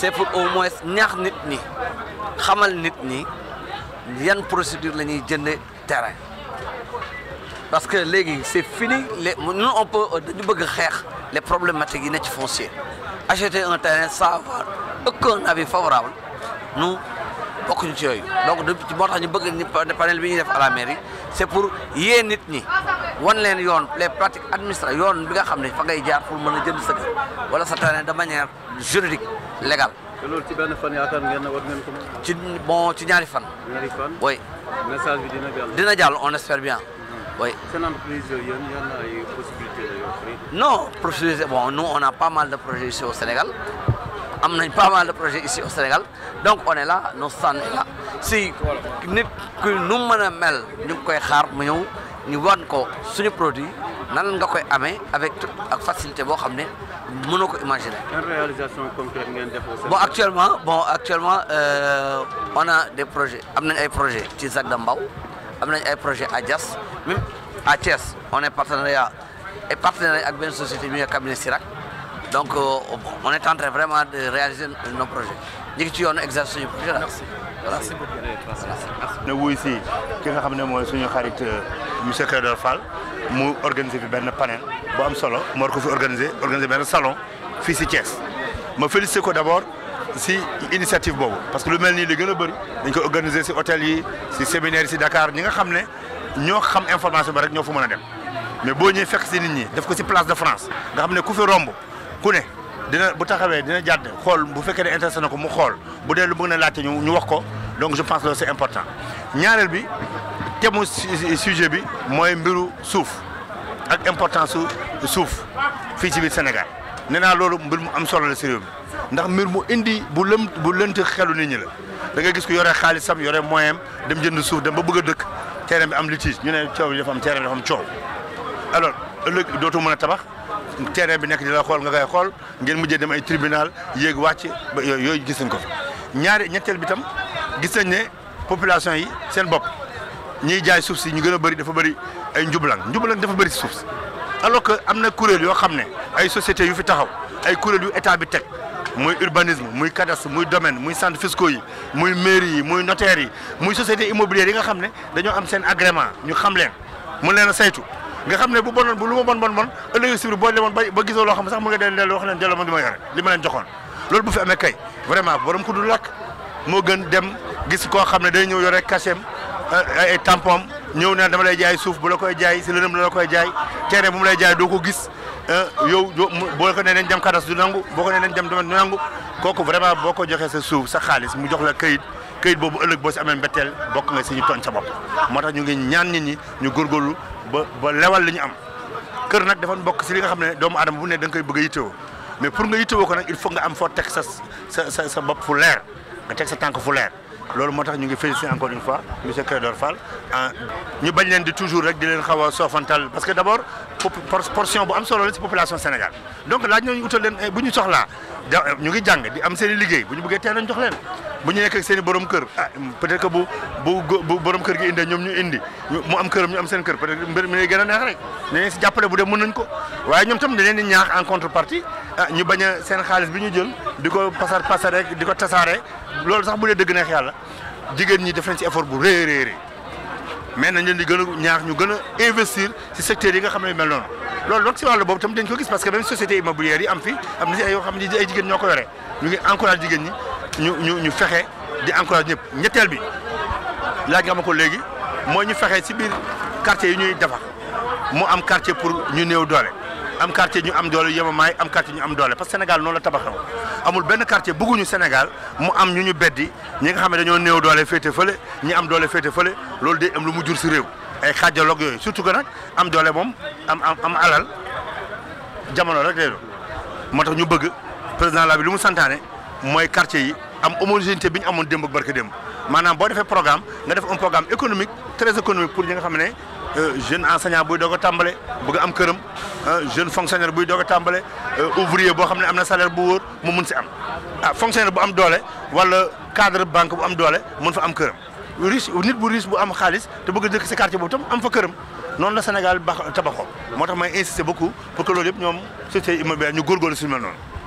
c'est pour au moins ñaax nit ñi xamal nit ni yan procédure la ñuy jënd terrain parce que léegi c'est fini le nous on peut dañu bëgg xeex les problématiques yi ne ci foncier acheter un terrain sans avoir aucun avis favorable bokkuñu ci yooyu donc du moo tax ñu bëgg ni panel bi ñuy def ñi wan leen yoon les pratiques administratives yoon bi nga xam ne fa ngay jaar pour mën a jënd sa wala sa terrain de manière juridique légale. te loolu ci benn fan yaakaar ngeen ne war ngeen ko. ci bon ci ñaari fan. bi dina jàll. dina jàll on espère bien. Mm-hmm. oui seen entreprise non possibilité bon nous a pas mal de projets ici Sénégal. am nañ pas mal de projets ici au Sénégal donc on est là nos stands est si nit mën a mel ñu koy xaar mu ñëw ñu wan ko suñu produit nan nga koy amee avec toute ak facilité boo xam ne mënoo ko imaginer. quelle réalisation concrète ngeen def bon actuellement bon actuellement euh, on a des projets am nañ ay projets ci Zac de am nañ ay projets à Diass même à Thiès on est partenariat ak benn société bi nga cabinet Sirac donc euh, on est en vraiment de réaliser nos projets ñu ngi ci yoonu exercer suñu projet la. merci si ki nga xam ne mooy suñu xarit euh, monsieur de Fall mu organiser fi benn panel bu am solo moo ko fi organiser organiser benn salon fii si Thiès ma félicité ko d'abord si initiative boobu parce que lu mel nii li gën a bëri dañ ko organiser si hôtel yi si séminaire si Dakar ñi nga xam ne ñoo xam information bi rek ñoo fa mën a dem mais boo ñëwee fekk si nit ñi def ko si place de France nga xam ne ku fi romb. ku ne dina bu taxawee dina jàdd xool bu fekkee ne intéressé na ko mu xool bu dee lu bëgg na laajte ñu ñu wax ko donc je pense loolu c'est important ñaareel bi thème sujet bi mooy mbiru suuf ak important su suuf fii ci biir Sénégal nee naa loolu mbir mu am solo la si réew ndax mbir mu indi bu lëm bu lënt xelu ni ñi la da gis ko yore xaalisam yore moyen dem jënd suuf dem ba bëgg dëkk terrain bi am litige ñu ne coow bi dafa am terrain bi dafa am coow alors ëllëg dootu mën a terrain bi nekk di la xool nga koy xool ngeen mujjee dem ay tribunal yéeg wàcc ba yooyu gis nañ ko ñaar ñaari ñetteel bi tam gis nañ ne population yi seen bopp ñiy jaay suuf si ñu gën a bëri dafa bëri ay njublang njublang dafa bëri si suuf si alors que am na kuréel yoo xam ne ay sociétés yu fi taxaw ay kuréel yu état bi teg muy urbanisme muy cadastre muy domaine muy sant fiscaux yi muy mairie yi muy notaire yi muy société immobilière yi nga xam ne dañoo am seen agrément ñu xam leen mën leen a saytu nga xam ne bu bonoon bu lu ma bon bon bon ëllëgee subir boo demoon ba ba gisoo ne sax mu nga deen dellu wax leen delloo ma li ma yore li ma bu fi amee kay vraiment ku dul lakk moo gën dem gis koo xam ne day ñëw yore cachet euh, ay tampon ñëw na dama lay jaay suuf bu la koy jaay si lënam la la koy jaay terrain bu mu lay jaay doo ko gis euh, yow boo ko nee nañ dem kadas du nangu boo ko ne nañ dem du nangu kooku vraiment boo ko joxee sa suuf sa xaalis mu jox la kayit kayit boobu ëllëg boo si amee mbetteel bokk nga si ñu tooñ sa bopp moo tax ñu ngi ñaan nit ñi ñu góorgóorlu ba ba lewal li ñu am kër nag dafa bokk si li nga xam ne doomu aadama bu ne danga nga koy bëgg a mais pour nga yittewoo ko nag il faut nga am foo teg sa sa sa sa bopp fu leer nga teg sa tànk fu leer loolu moo tax ñu ngi félicité encore une fois monsieur Clédor Fall ah, ñu bañ leen di toujours rek di leen xaw a soofantal parce que d' abord portion bu am solo la ci population Sénégal donc laaj nañu utal leen eh, bu ñu soxlaa eh, ñu ngi jàng di am seen i liggéey bu ñu buggee teel nañ jox leen bu ñu nekk ak seen i borom kër ah, peut-être que bu bu kër gi indee ñoom ñu indi mu am këram ñu am seen kër peut-être mbir mi lay gën a neex rek nañ si jàppale ko waaye ñoom tam dañ di ñaax en contrepartie ah ñu bañ a seen xaalis bi ñu jël di ko pasar pasar rek di ko tasaare loolu sax bu dee dëgg neex yàlla jigéen ñi def nañ ci effort bu rëy rëy rëy mais nañ leen di gën a ñaax ñu gën a investir si secteur yi nga xam ne mel noonu loolu nag ci wàllu boobu tamit dañ ko gis parce que même société immobilière yi am fi am na ci ay xam ne ay jigéen ñoo ko yore ñu ngi encourage jigéen ñi ñu ñu ñu fexe di encourage ñëpp ñetteel bi laaj nga ma ko léegi mooy ñu fexe ci biir quartier yi ñuy dafa mu am quartier pour ñu néew doole am quartier ñu am doole yemamaay am quartier ñu am doole parce que Sénégal noonu la tabaxaw amul benn quartier bëgguñu Sénégal mu am ñu ñu beddi ñi nga xam ne dañoo néew doole féete fële ñi am doole féete fële loolu de am lu mu jur si réew ay xaajaloog yooyu surtout que nag am doole moom am am am alal jamono rek lay moo tax ñu bëgg président la bi lu mu santaane mooy quartier yi am homogénéité bi ñu amoon démb ak démb maanaam boo defee programme nga def un économique très pour ñi nga xam ne euh, jeune enseignant buy doog a tàmbale bëgg am këram Ah, jeune fonctionnaire buy doog a tàmbale euh, ouvrier boo xam ne am na salaire bu wóor mu mun si am ah fonctionnaire bu am doole wala cadre banque bu am doole mun fa am këram riche nit bu riche bu am xaalis te bëgg a dëkk si quartier boobu tam am fa këram noonu la Sénégal baax tabaxoo moo tax may insister beaucoup pour que loolu yëpp ñoom société immobilière ñu góorgóorlu si mel noonu.